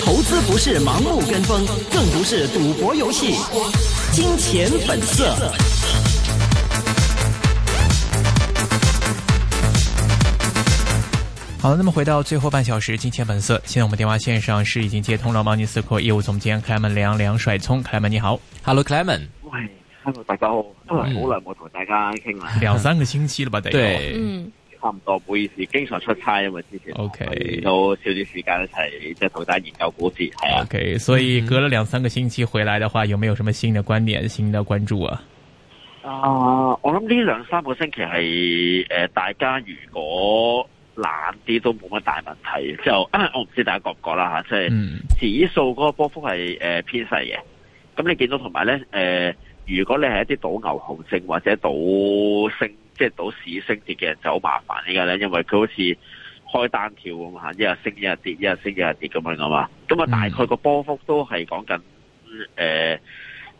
投資不是盲目跟風，更不是賭博遊戲。金錢本色。好了，那麼回到最後半小時，金錢本色。現在我們電話線上是已經接通了毛尼斯科業務總監克萊門梁梁帥聰，克萊門你好，Hello，克萊門，喂，Hello，大家好，好耐冇同大家傾啦，兩三個星期了吧，對，嗯。差唔多，唔好意思，經常出差啊嘛，之前，OK 都少啲時間一齊，即係同大家研究股市，係啊。OK，所以隔咗兩三個星期回來嘅話，有冇有什麼新嘅觀點、新嘅關注啊？啊、呃，我諗呢兩三個星期係誒、呃，大家如果懶啲都冇乜大問題，就，因為，我唔知大家有有覺唔覺啦吓，即係指數嗰個波幅係誒、呃、偏細嘅，咁、嗯、你見到同埋咧，誒、呃，如果你係一啲賭牛行情或者賭升。即係賭市升跌嘅人就好麻煩嘅咧，因為佢好似開單跳咁嚇，一日升一日跌，一日升一日跌咁樣噶嘛。咁啊，大概個波幅都係講緊誒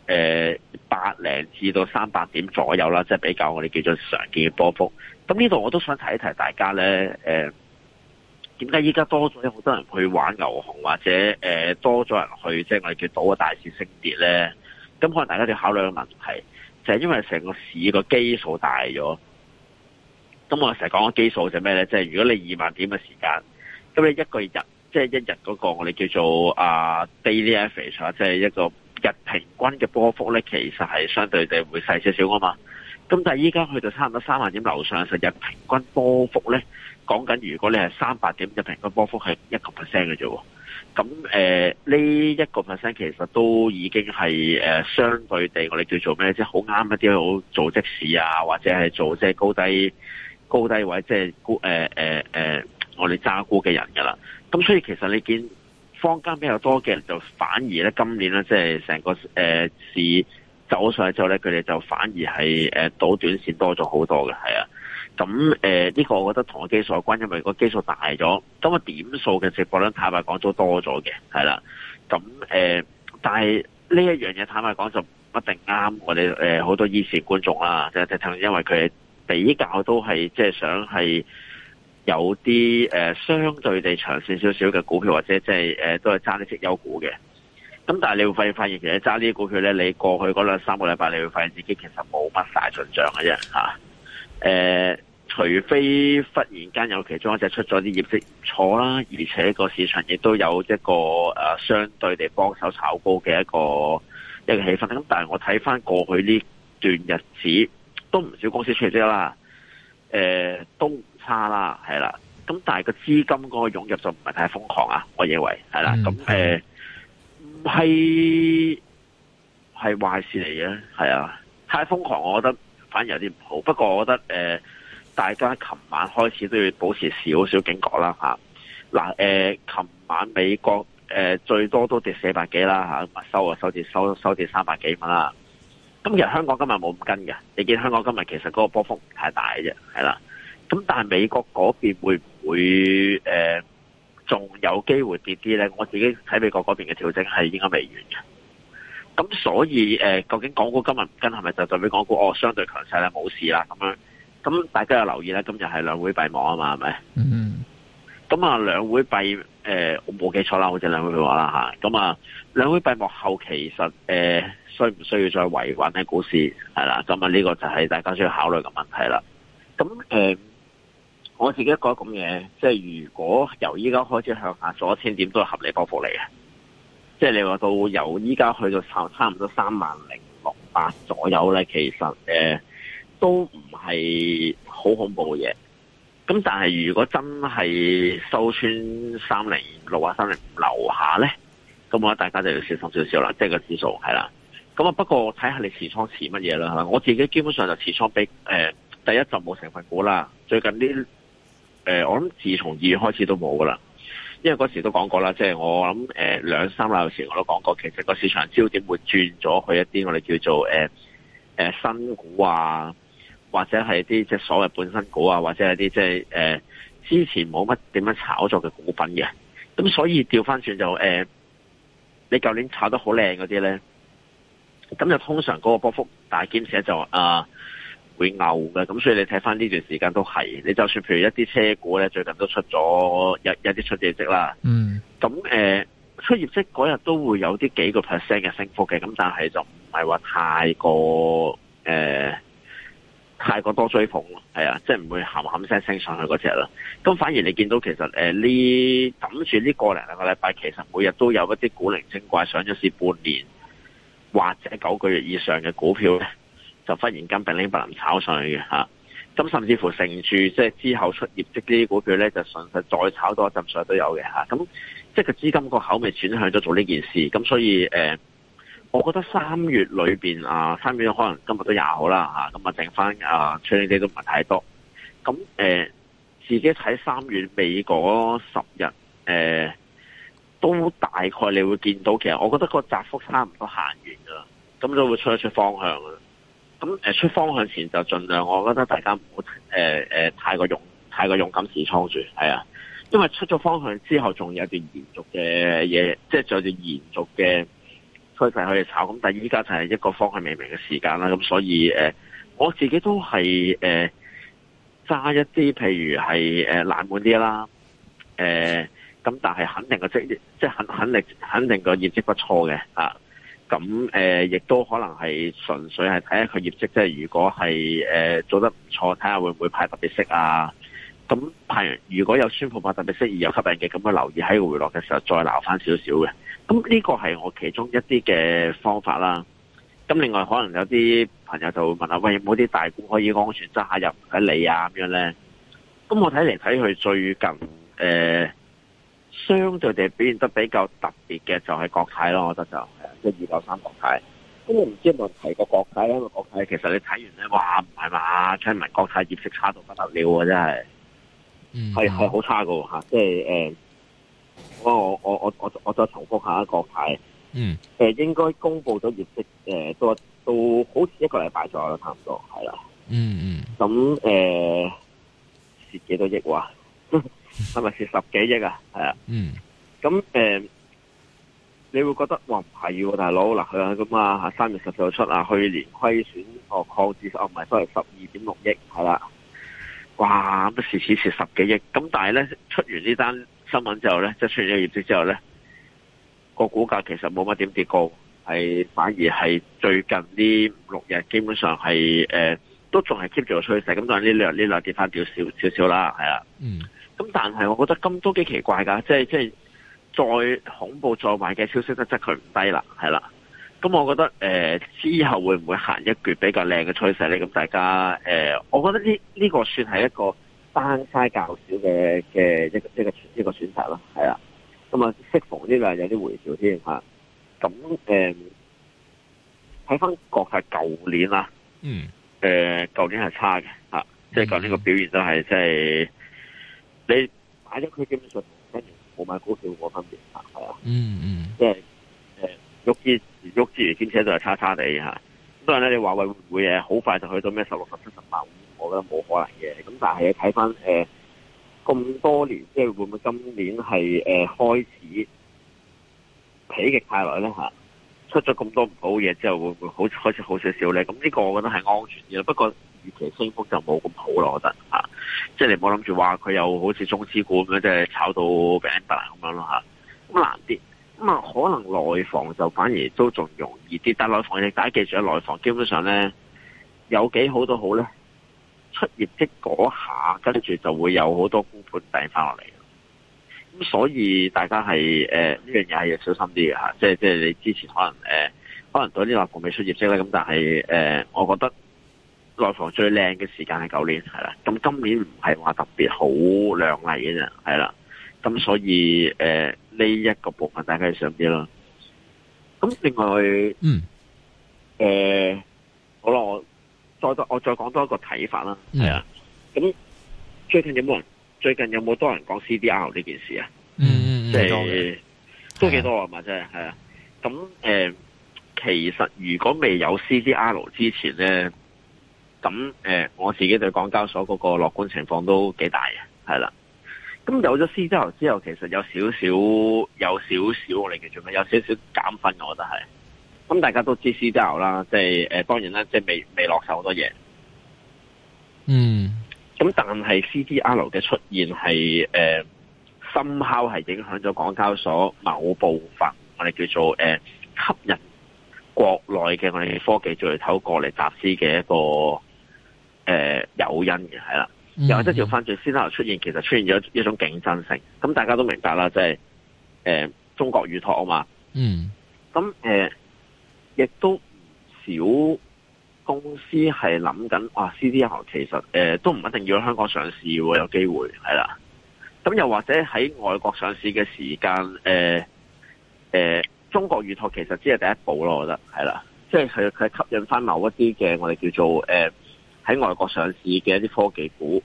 誒八零至到三百點左右啦，即係比較我哋叫做常見嘅波幅。咁呢度我都想提一提大家咧，誒點解依家多咗好多人去玩牛熊，或者、呃、多咗人去即係、就是、我哋叫賭個大市升跌咧？咁可能大家都要考慮個問題，就係、是、因為成個市個基數大咗。咁我成日講個基礎就咩呢？即係如果你二萬點嘅時間，咁你一個日，即係一日嗰個我哋叫做啊 daily average 啊，即係一個日平均嘅波幅呢，其實係相對地會細少少啊嘛。咁但係依家去到差唔多三萬點樓上，實日平均波幅呢，講緊如果你係三百點日平均波幅係一個 percent 嘅啫。咁誒呢一個 percent 其實都已經係相對地，我哋叫做咩？即係好啱一啲，好做即市啊，或者係做即係高低。高低位即係估，誒誒誒，我哋揸估嘅人噶啦。咁所以其實你見坊間比較多嘅人，就反而咧今年咧，即係成個誒、呃、市走上去之後咧，佢哋就反而係誒賭短線多咗好多嘅，係啊。咁誒呢個我覺得同個基數有關，因為個基數大咗，咁個點數嘅直播咧，坦白講都多咗嘅，係啦。咁誒、呃，但係呢一樣嘢坦白講就唔一定啱我哋誒好多以前觀眾啦，就就因為佢。比較都係即係想係有啲誒相對地長線少少嘅股票，或者即係誒都係揸啲績優股嘅。咁但係你會發現發現，其實揸呢啲股票咧，你過去嗰兩三個禮拜，你會發現自己其實冇乜大進賬嘅啫吓。誒，除非忽然間有其中一隻出咗啲業績唔錯啦，而且個市場亦都有一個誒相對地幫手炒高嘅一個一個氣氛。咁但係我睇翻過去呢段日子。都唔少公司出嚟啫啦，誒、呃、都唔差啦，係啦。咁但係個資金嗰個湧入就唔係太瘋狂啊，我認為係啦。咁誒唔係係壞事嚟嘅，係啊，太瘋狂我覺得反而有啲唔好。不過我覺得誒、呃，大家琴晚開始都要保持少少警覺啦吓。嗱、啊，誒、呃，琴晚美國誒、呃、最多都跌四百幾啦吓，咁啊收啊收跌收收跌三百幾蚊啦。今日香港今日冇咁跟嘅，你見香港今日其實嗰個波幅太大嘅啫，係啦。咁但係美國嗰邊會唔會誒仲、呃、有機會跌啲咧？我自己睇美國嗰邊嘅調整係應該未完嘅。咁所以誒、呃，究竟港股今日唔跟係咪就代表港股哦相對強勢咧冇事啦？咁樣。咁大家有留意啦。今日係兩會閉幕啊嘛，係咪？嗯。咁啊，兩會閉誒，我冇、呃、記錯啦，好似兩會閉幕啦咁啊，兩會閉、啊、幕後其實誒。呃需唔需要再維穩喺股市係啦？咁啊，呢個就係大家需要考慮嘅問題啦。咁誒、呃，我自己覺得咁嘅，即係如果由依家開始向下，咗千點都係合理波幅嚟嘅。即係你話到由依家去到差唔多三萬零六百左右咧，其實誒都唔係好恐怖嘅嘢。咁但係如果真係收穿三零六啊，三零五樓下咧，咁我覺得大家就要小心少少啦。即係個指數係啦。咁啊，不過睇下你持倉持乜嘢啦吓，我自己基本上就持倉比誒、呃，第一就冇成份股啦，最近啲誒、呃，我諗自從二月開始都冇噶啦，因為嗰時都講過啦，即係我諗誒兩三禮拜前我都講過，其實個市場焦點會轉咗去一啲我哋叫做誒誒、呃呃、新股啊，或者係啲即係所謂半新股啊，或者係啲即係誒之前冇乜點樣炒作嘅股份嘅，咁所以調翻轉就誒、呃，你舊年炒得好靚嗰啲咧。咁就通常嗰個波幅大兼且就啊、呃、會牛嘅，咁所以你睇翻呢段時間都係，你就算譬如一啲車股咧，最近都出咗一啲出業績啦。嗯。咁誒、呃、出業績嗰日都會有啲幾個 percent 嘅升幅嘅，咁但係就唔係話太過誒、呃、太過多追捧係啊，即係唔會冚冚聲升上去嗰隻啦。咁反而你見到其實呢、呃、等住呢個零兩個禮拜，其實每日都有一啲古靈精怪上咗市半年，或者九個月以上嘅股票咧，就忽然間憑拎不能炒上去嘅吓，咁甚至乎成住即係之後出業績呢啲股票咧，就純粹再炒多一浸水都有嘅吓，咁即係個資金個口味轉向咗做呢件事，咁所以誒，我覺得三月裏邊啊，三月可能今日都廿號啦吓，咁啊剩翻啊，處理啲都唔係太多，咁誒，自己睇三月尾嗰十日誒。都大概你會見到，其實我覺得個窄幅差唔多行完噶啦，咁就會出一出方向啦。咁誒，出方向前就盡量，我覺得大家唔好誒誒太過勇太過勇敢持倉住，係啊。因為出咗方向之後，仲有一段延續嘅嘢，即係仲有段延續嘅趨勢可以炒。咁但係依家就係一個方向未明嘅時間啦。咁所以誒、呃，我自己都係誒揸一啲，譬如係誒冷門啲啦，誒、呃。咁但係肯定個職業，即係肯肯定肯定個業績不錯嘅啊！咁、啊、誒，亦都可能係純粹係睇下佢業績，即係如果係誒、啊、做得唔錯，睇下會唔會派特別息啊？咁派如果有宣布派特別息而有吸引嘅，咁我留意喺回落嘅時候再撈翻少少嘅。咁呢個係我其中一啲嘅方法啦。咁另外可能有啲朋友就會問啦、啊：喂，有冇啲大股可以安全揸下入唔使理啊？咁樣咧？咁我睇嚟睇去最近誒。呃相對地表現得比較特別嘅就係國泰咯，我覺得就係即係二九三國泰。咁我唔知有冇提過國泰啦，個國泰其實你睇完咧，話唔係嘛，聽聞國泰業績差到不得了啊，真係，係係好差噶吓，即係誒、呃，我我我我我再重複一下國泰，嗯，誒、呃、應該公布咗業績，誒都都好似一個禮拜左右啦，差唔多係啦，嗯嗯，咁誒，蝕、呃、幾多億話、啊？ 係咪蝕十幾億啊？係啊，咁、嗯、誒、呃，你會覺得哇，唔係要大佬嗱佢啊咁，啊三月十四號出啊，去年虧損哦，擴至哦唔係，都係十二點六億係啦，哇咁蝕此蝕十幾億，咁但係咧出完呢單新聞之後咧，即、就、係、是、出咗業績之後咧，個股價其實冇乜點跌過，係反而係最近呢六日基本上係誒、呃、都仲係 keep 住個趨勢，咁但係呢兩呢兩跌翻少，少少少啦，係啊。嗯咁但係、嗯，我覺得咁都幾奇怪噶，即係即係再恐怖再壞嘅消息，都質佢唔低啦，係啦。咁我覺得誒之後會唔會行一段比較靚嘅趨勢咧？咁大家誒、呃，我覺得呢呢、這個算係一個單差較少嘅嘅一一個，一個，一，個一個選擇咯，係啦。咁啊，適逢呢啲係有啲回調添吓。咁誒，睇翻國係舊年啦，嗯，誒、嗯，舊年係差嘅吓，即係講呢個表現都係即係。你買咗佢基本上跟住冇買股票冇分別吓，係啊，嗯嗯，即係誒，喐之餘喐之餘兼且就係差差地吓。所以咧，你話會會唔會誒好快就去到咩十六十七十萬？16, 17, 18, 15, 我覺得冇可能嘅。咁但係睇翻誒、咁、呃、多年即係會唔會今年係誒、呃、開始否極泰來咧吓？出咗咁多唔好嘢，之後會唔會好開始好少少咧？咁呢個我覺得係安全嘅。不過，預期升幅就冇咁好咯，我覺得吓，即、啊、係、就是、你唔好諗住話佢又好似中資股咁樣，即係炒到搵大咁樣咯吓，咁、啊啊、難啲，咁啊可能內房就反而都仲容易啲，但係內房亦大家記住，內房基本上咧有幾好都好咧，出業績嗰下，跟住就會有好多沽盤掟翻落嚟，咁、啊、所以大家係誒呢樣嘢係要小心啲嘅吓，即係即係你之前可能誒、啊，可能對啲內房未出業績咧，咁、啊、但係誒、啊，我覺得。內房最靚嘅時間係舊年係啦，咁今年唔係話特別好亮麗嘅啫，係啦，咁所以誒呢一個部分大家要上啲啦。咁另外，嗯，誒、呃、好啦，我再多我再講多一個睇法啦，係、嗯、啊。咁最近有冇人？最近有冇多人講 C D R 呢件事啊？嗯即係、嗯、多，多都幾多啊嘛，即係係啊。咁誒、嗯呃，其實如果未有 C D R 之前咧。咁誒、呃，我自己對港交所嗰個樂觀情況都幾大嘅，係啦。咁有咗 CDR 之後，其實有少少，有少少我哋叫做咩？有少，少少減分，我覺得係。咁大家都知 CDR 啦，即係誒、呃，當然啦，即係未未落手好多嘢。嗯。咁但係 CDR 嘅出現係誒，深、呃、敲，係影響咗港交所某部分，我哋叫做誒、呃、吸引國內嘅我哋科技巨頭過嚟集資嘅一個。誒、呃，有因嘅係啦，又或者條分最先後出現，mm -hmm. 其實出現咗一種競爭性。咁大家都明白啦，即係誒，中國預託啊嘛，嗯，咁、mm、誒 -hmm. 呃，亦都唔少公司係諗緊哇，CDR 其實誒、呃、都唔一定要喺香港上市，有機會有機會係啦。咁又或者喺外國上市嘅時間，誒、呃、誒、呃，中國預託其實只係第一步咯，我覺得係啦，即係佢佢吸引翻某一啲嘅我哋叫做誒。呃喺外國上市嘅一啲科技股，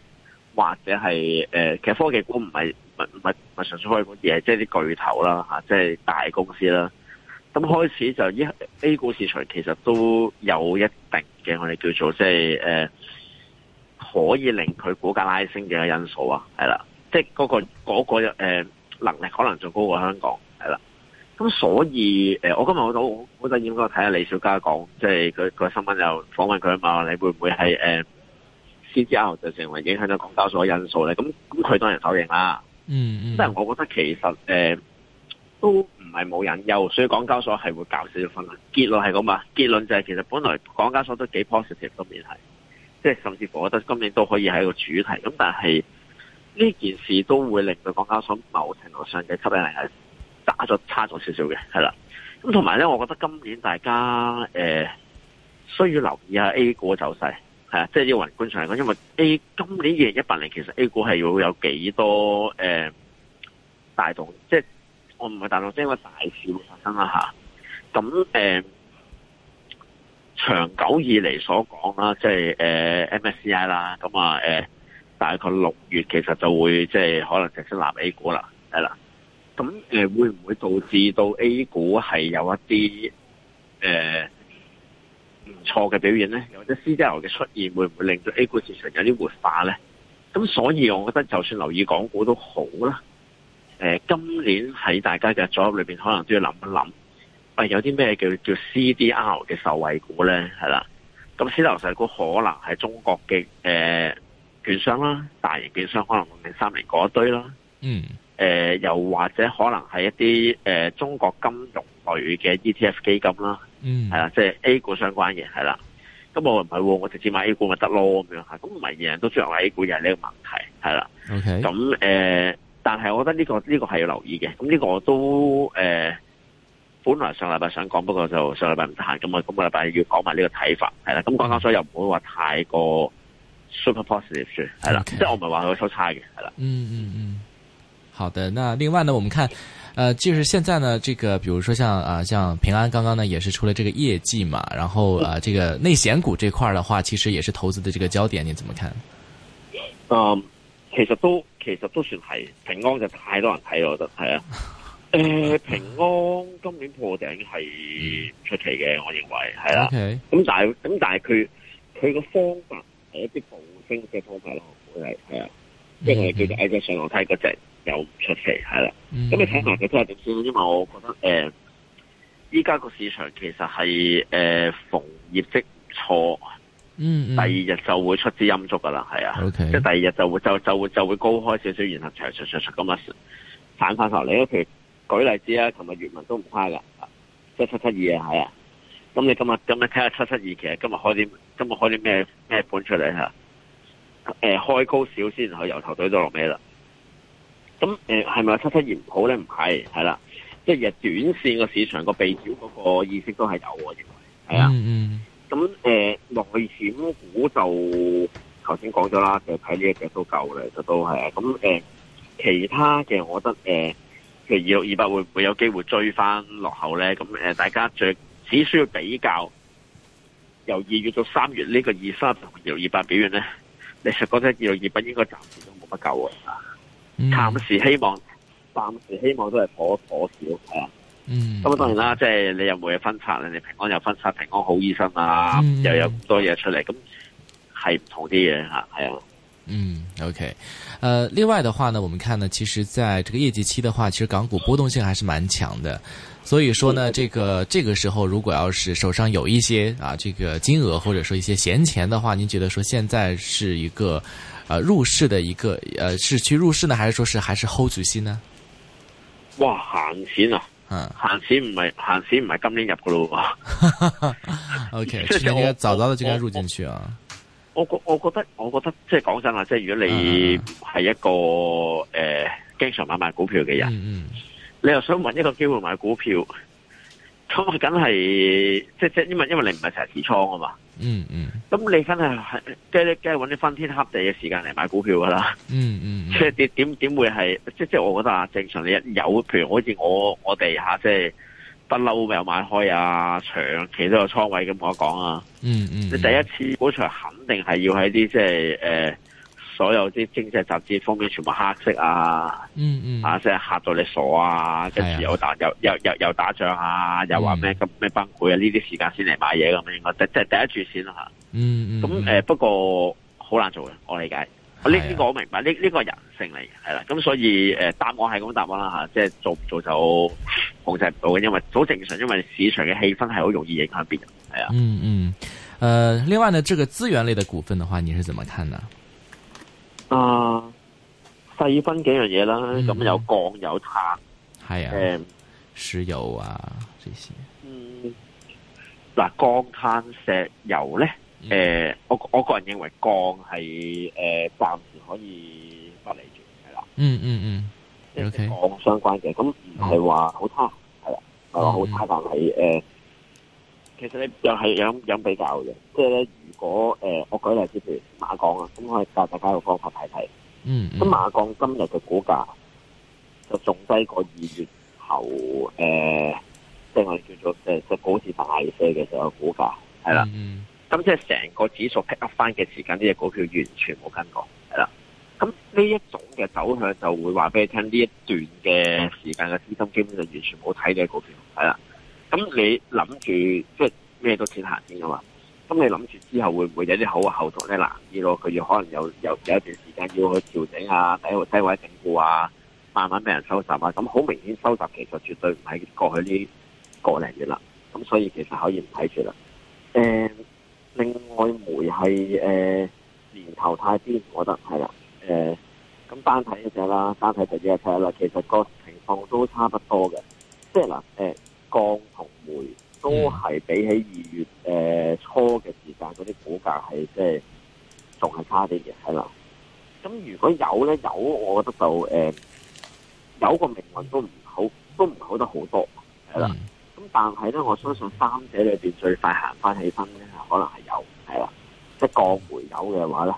或者係誒，其實科技股唔係唔唔唔係純粹科技股，而係即係啲巨頭啦吓，即係大公司啦。咁開始就 A 股市場其實都有一定嘅我哋叫做即係誒，可以令佢股價拉升嘅因素啊，係啦，即係嗰個嗰個誒能力可能仲高過香港，係啦。咁所以，呃、我今日我都我就應該睇下李小加講，即係佢個新聞又訪問佢啊嘛，你會唔會係誒 C D R 就成為影響到港交所因素咧？咁咁佢當然否認啦。嗯即、嗯、係、嗯、我覺得其實誒、呃、都唔係冇隱憂，所以港交所係會搞少少分化。結論係咁嘛，結論就係其實本來港交所都幾 positive 都面係，即係甚至乎我覺得今年都可以係一個主題。咁但係呢件事都會令到港交所某程度上嘅吸引力。打咗差咗少少嘅，係啦。咁同埋咧，我覺得今年大家誒、呃、需要留意一下 A 股嘅走勢，係啊，即係要宏觀上嚟講，因為 A 今年二零一八年其實 A 股係會有幾多誒、呃、大動，即係我唔係大動，即係因為大市會發生啦吓。咁、啊、誒、呃，長久以嚟所講啦，即係誒、呃、MSCI 啦，咁啊誒，大概六月其實就會即係可能正式納 A 股啦，係啦。咁誒，會唔會導致到 A 股係有一啲誒唔錯嘅表現咧？或者 C D R 嘅出現會唔會令到 A 股市場有啲活化咧？咁所以我覺得就算留意港股都好啦。誒、呃，今年喺大家嘅組合裏邊，可能都要諗一諗，喂、呃，有啲咩叫叫 C D R 嘅受惠股咧？係啦，咁 C D R 受惠股可能係中國嘅誒、呃、券商啦，大型券商可能零三年嗰一堆啦，嗯。誒、呃，又或者可能係一啲誒、呃、中國金融類嘅 ETF 基金啦，嗯，係啦，即係 A 股相關嘅。係啦。咁我唔係，我直接買 A 股咪得咯咁樣吓，咁唔係人人都追落嚟 A 股又係呢個問題，係啦。咁、okay. 誒、呃，但係我覺得呢、這個呢、這個係要留意嘅。咁呢個我都誒、呃、本來上禮拜想講，不過就上禮拜唔得閒，咁啊，今個禮拜要講埋呢個睇法，係啦。咁講講所以又唔會話太過 super positive 住係啦、okay. 啦，即係我唔係話佢超差嘅係啦。嗯嗯嗯。好的，那另外呢，我們看，呃，就是現在呢，這個，比如說像啊、呃，像平安剛剛呢，也是出了這個業績嘛，然後啊、呃，這個內險股這塊的話，其實也是投資的這個焦點，你怎麼看？嗯，其實都其實都算係平安就太多人睇咯，我覺得係啊。誒、 呃，平安今年破頂係出奇嘅，我認為係啦。咁但係咁但係佢佢個方法係一啲保護性嘅方法咯，會係係啊，即係叫做喺個上樓梯嗰隻。嗯嗯又唔出奇係啦，咁、嗯、你睇埋佢都係點先？因為我覺得誒，依家個市場其實係誒、呃、逢業績唔錯，嗯，嗯，第二日就會出支陰燭噶啦，係啊，okay. 即係第二日就會就就，就會就會高開少少，然後隨隨隨隨咁啊反翻頭嚟咯。譬如舉例子啊，同埋閱文都唔誇噶，七七七二啊，係啊。咁你今日今日睇下七七二，其實今日開點？今日開啲咩咩盤出嚟啊？誒，開高少先，然後由頭懟到落尾啦。咁誒係咪七七鹽普呢？唔係，係啦，即係日短線個市場個避險嗰個意識都係有喎，認為係啊。咁誒內險股就頭先講咗啦，就睇呢一隻都夠咧，就都係啊。咁誒、呃、其他嘅，我覺得誒、呃、其實二六二八會唔會有機會追返落後呢？咁、呃、大家最只需要比較由二月到三月呢個二三同二六二八表現呢，你實覺得二六二八應該暫時都冇乜夠啊。嗯、暫時希望，暫時希望都係頗頗少吓。嗯。咁當然啦，即、就、係、是、你又冇嘢分拆，你哋平安又分拆平安好醫生啊，嗯、又有咁多嘢出嚟，咁係唔同啲嘢吓，係啊。嗯，OK，、呃、另外的話呢，我們看呢，其實在這個業績期的話，其實港股波動性還是蠻強的，所以說呢，這個這個時候如果要是手上有一些啊，這個金額或者說一些閒錢的話，你覺得說現在是一個？啊入市的一個，誒，是去入市呢，還是說是還是 hold 住先呢？哇行錢啊，行錢唔係行錢唔係今年入噶咯 ，OK，即係應該早早的就應該入進去啊。我覺我，我，我覺得我覺得即係講真啊，即係如果你係一個誒、呃、經常買賣股票嘅人嗯嗯，你又想揾一個機會買股票，咁啊梗係即係即係因為因為你唔係成日持倉啊嘛。嗯嗯，咁、嗯、你真係係即係梗係揾啲翻天覆地嘅時間嚟買股票噶啦，嗯嗯，即係點點點會係即即係我覺得啊，正常你有譬如好似我我哋吓即係不嬲咪有買開啊長期都有倉位咁我講啊，嗯嗯，你第一次場肯定係要喺啲即係誒。呃所有啲經濟雜誌封面全部黑色啊，嗯嗯，啊即係吓到你傻啊，跟、哎、住又打又又又又打仗啊，又話咩咁咩崩潰啊，呢啲時間先嚟買嘢咁應該，即即係第一住先啦吓、啊，嗯咁誒、嗯嗯、不過好難做嘅，我理解，呢、哎、呢、這個我明白，呢、這、呢、個這個人性嚟嘅係啦，咁、啊、所以誒、呃、答案係咁答案啦吓，即、啊、係、就是、做唔做就控制唔到嘅，因為好正常，因為市場嘅氣氛係好容易影響別人，係啊，嗯嗯，誒、呃，另外呢，這個資源類嘅股份嘅話，你是怎麼看呢？啊，細分幾樣嘢啦，咁、嗯、有鋼有碳，係啊，誒、嗯，石油啊，呢啲，鋼，嗯，嗱，鋼、碳、石油咧，誒，我我個人認為鋼係誒暫時可以隔離住，係啦，嗯嗯嗯，即、嗯、鋼、okay. 相關嘅，咁唔係話好差，係、哦、啦，係話好差，但係誒。呃其實你又係樣樣比較嘅，即係咧，如果誒、呃，我舉例譬如馬鋼啊，咁我教大家個方法睇睇。嗯，咁馬鋼今日嘅股價就仲低過二月後誒、呃就是就是，即係我哋叫做誒股市大些嘅時候嘅股價係啦。嗯，咁即係成個指數 pick up 翻嘅時間，呢、這、隻、個、股票完全冇跟過，係啦。咁呢一種嘅走向就會話俾你聽，呢一段嘅時間嘅資金基本就完全冇睇呢隻股票，係啦。咁你諗住即係咩都先行先啊嘛？咁你諗住之後會唔會有啲好嘅後續呢？咧難囉。佢要可能有有有一段時間要去調整啊，喺度低位整固啊，慢慢俾人收集啊。咁好明顯收集其實絕對唔係過去呢個零月啦。咁所以其實可以唔睇住啦。誒、欸，另外煤係誒、欸、年頭太癲，我覺得係啦。誒，咁、欸、單睇一隻啦，單睇直一睇啦，其實個情況都差不多嘅。即係嗱，誒、欸。鋼同煤都係比起二月誒、呃、初嘅時間，嗰啲股價係即係仲係差啲嘅，係啦。咁如果有咧有，我覺得就誒、呃、有個命運都唔好，都唔好得好多係啦。咁、嗯、但係咧，我相信三者裏邊最快行翻起身咧，可能係油係啦，即係鋼煤油嘅話咧。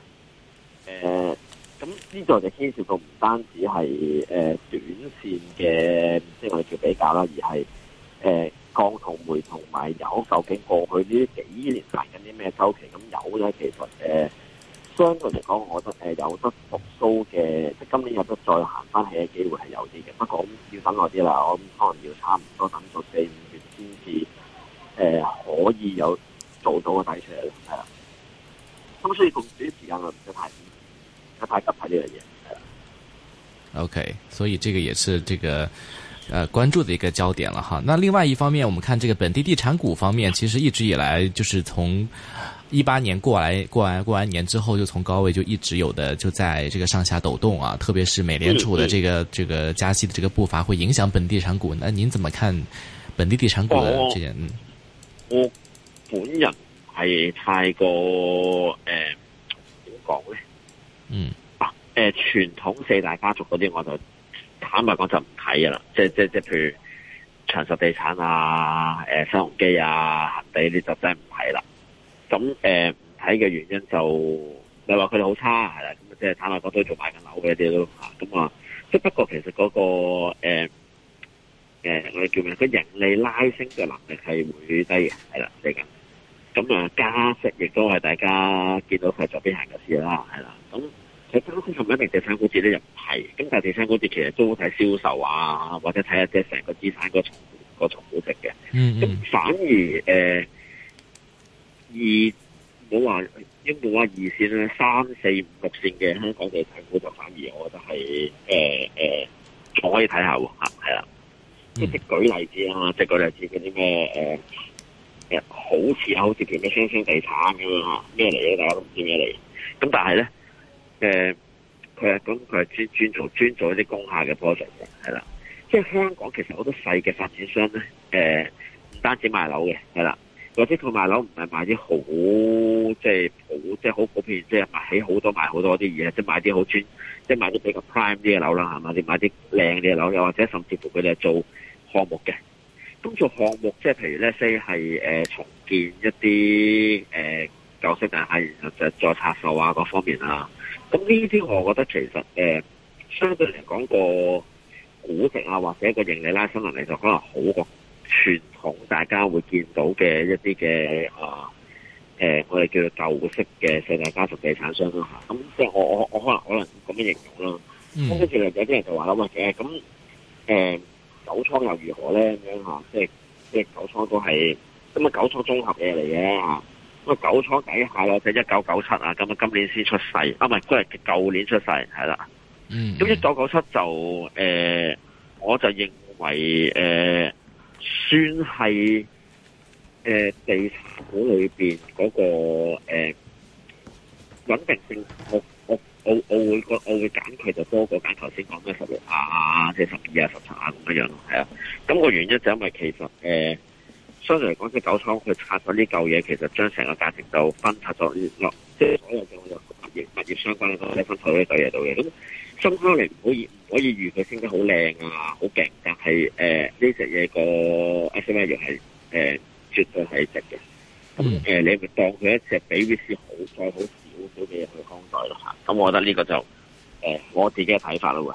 誒、呃，咁呢個就牽涉到唔單止係誒、呃、短線嘅，即係我哋叫比較啦，而係。誒、呃，鋼同煤同埋油，有究竟過去呢幾年行緊啲咩周期？咁有咧，其實誒、呃，相對嚟講，我覺得誒，有得復甦嘅，即今年有得再行翻起嘅機會係有啲嘅。不過，嗯、要等耐啲啦，我、諗、可能要差唔多等到四五月先至誒，可以有做到個底出嚟啦。係、嗯、咁、嗯、所以咁短時間我唔使太唔太急睇呢樣嘢。OK，所以這個也是這個。呃，關注的一個焦點了哈。那另外一方面，我們看這個本地地產股方面，其實一直以來就是從一八年過來，過完過完年之後，就從高位就一直有的就在這個上下抖動啊。特別是美聯儲的這個這個加息的這個步伐，會影響本地產股。那您怎麼看本地地產股的這點？嗯，我本人係太過呃點講呢？嗯啊，誒、呃，傳統四大家族嗰啲，我就。坦白講就唔睇啊啦，即即即譬如長實地產啊、誒、呃、新鴻基啊、恒地呢就真唔睇啦。咁誒唔睇嘅原因就你話佢哋好差係啦，咁即係坦白講都做埋緊樓嘅一啲都。吓。咁啊，即不過其實嗰、那個誒誒、呃呃、我哋叫咩？佢盈利拉升嘅能力係會低嘅，係啦嚟嘅。咁啊加息亦都係大家見到佢係做邊行嘅事啦，係啦咁。睇新股唔一定地產股值咧，又唔係。咁但係地產股值，其實都好睇銷售啊，或者睇下即係成個資產的重重估值嘅。咁、嗯嗯、反而誒二冇話，應該話二線三四五六線嘅香港地產股，就反而我覺得係誒誒仲可以睇下喎吓，係、呃、啦。呃看看啊是嗯、即係舉例子啊即係舉例子嗰啲咩誒誒，好似好似叫咩星星地產咁啊，咩嚟嘅大家都唔知咩嚟。咁但係咧。誒，佢係咁，佢係專專做專做一啲工廈嘅 project 嘅，係啦。即係香港其實好多細嘅發展商咧，誒，唔單止賣樓嘅，係啦。或者佢賣樓唔係賣啲好，即係好，即係好普遍，即係買起好多買好多啲嘢，即係買啲好專，即係買啲比較 prime 啲嘅樓啦，係嘛？你買啲靚啲嘅樓，又或者甚至乎佢哋係做項目嘅，咁做項目即係譬如咧 say 係誒重建一啲誒。呃舊式嘅，然後就再拆售啊、各方面啊，咁呢啲我覺得其實誒、呃、相對嚟講個估值啊或者一個盈利拉伸能力就可能好過傳統大家會見到嘅一啲嘅啊誒、呃、我哋叫做舊式嘅世界家族地產商啦、啊、嚇，咁即係我我我可能可能咁樣形容咯、啊。咁跟住有啲人就話啦，或者咁誒九倉又如何咧？咁樣嚇、啊，即係即係九倉都係咁啊，九倉綜合嘢嚟嘅嚇。個九倉計下啦即係一九九七啊，咁啊今年先出世，啊唔係都係舊年出世，係啦。咁一九九七就誒、呃，我就認為誒、呃，算係誒、呃、地產股裏邊嗰、那個誒穩、呃、定性，我我我我會我我會揀佢就多過揀頭先講咩十六啊，即係十二啊，十七啊咁樣樣係啊。咁、那個原因就是因為其實誒。呃相對嚟講，隻九倉佢拆咗呢嚿嘢，其實將成個價值就分拆咗落，即、就、係、是、所有嘅物，物業相關嘅東西分台呢度嘢到嘢。咁新康你唔可以唔可以預佢升得好靚啊，好勁，但係誒呢隻嘢個 s m a 係絕對係值嘅。咁、呃、你咪當佢一隻比 VS 好，再好少少少嘅嘢去康袋。咯咁我覺得呢個就、呃、我自己嘅睇法會喎。